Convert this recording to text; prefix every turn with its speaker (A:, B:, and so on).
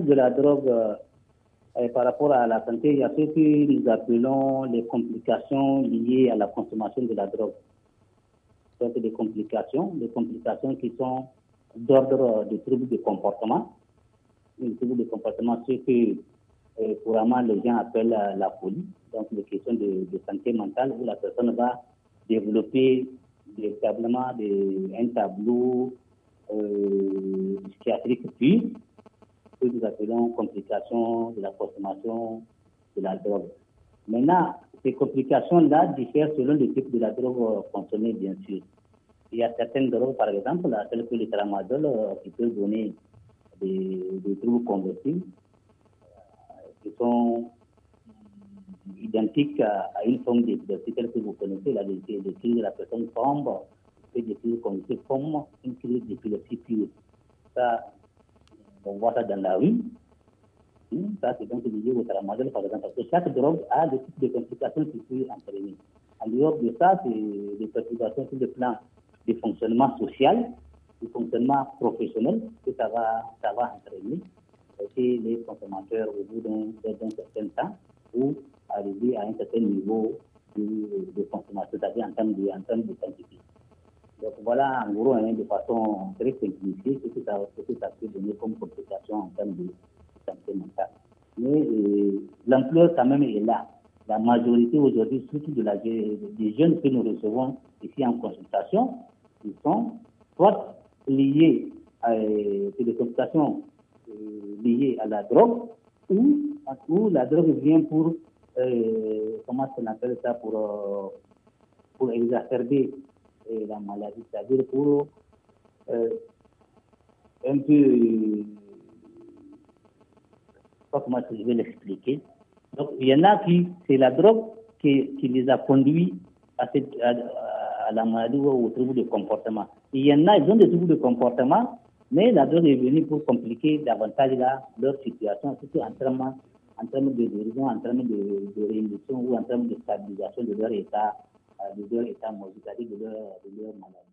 A: de la drogue euh, euh, par rapport à la santé, il y a ce que nous appelons les complications liées à la consommation de la drogue. Donc des complications, des complications qui sont d'ordre de troubles de comportement. Les troubles de comportement, ce que euh, couramment les gens appellent la folie, donc les questions de, santé mentale où la personne va développer véritablement un tableau psychiatrique puis que nous appelons complications de la consommation de la drogue. Maintenant, ces complications-là diffèrent selon le type de la drogue consommée, bien sûr. Il y a certaines drogues, par exemple, là, telles que le tramadol, euh, qui peut donner des, troubles convertibles, euh, qui sont identiques à, une forme d'épilepsie telle que vous connaissez, la décision de la personne tombe, et des convertibles, comme une crise d'épilepsie pure. Ça, on voit ça dans la rue. Hein, ça, c'est donc le de au par exemple. Parce que chaque drogue a des types de complications qui peuvent entraîner. En dehors de ça, c'est des perturbations sur le plan du fonctionnement social, du fonctionnement professionnel que ça va, entraîner Et les consommateurs au bout d'un certain temps ou arriver à un certain niveau de, consommation, c'est-à-dire en termes de, en termes de donc voilà en gros hein, de façon très simplifiée ce que ça, peut donner comme complication en termes de santé mentale. Mais euh, l'ampleur quand même est là. La majorité aujourd'hui, surtout de la, des jeunes que nous recevons ici en consultation, ils sont soit liés à euh, des consultations euh, liées à la drogue ou, la drogue vient pour, comment on appelle ça, pour, pour exacerber et la maladie, c'est-à-dire pour eh, un peu, sais pas comment je vais l'expliquer. Donc il y en a qui, c'est la drogue qui, qui, les a conduits à, cette, à, la maladie ou au trouble de comportement. Il y en a, ils ont des troubles de comportement, mais la drogue est venue pour compliquer davantage leur situation, surtout en termes, de en termes de, de réduction ou en termes de stabilisation de leur état juga Islam Mozik tadi bila bila malam